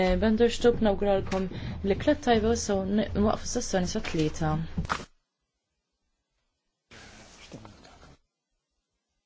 Eh, Bender xtub nawguralkom l klat tajba u so nwaqfu s-sessjoni sa' tlieta.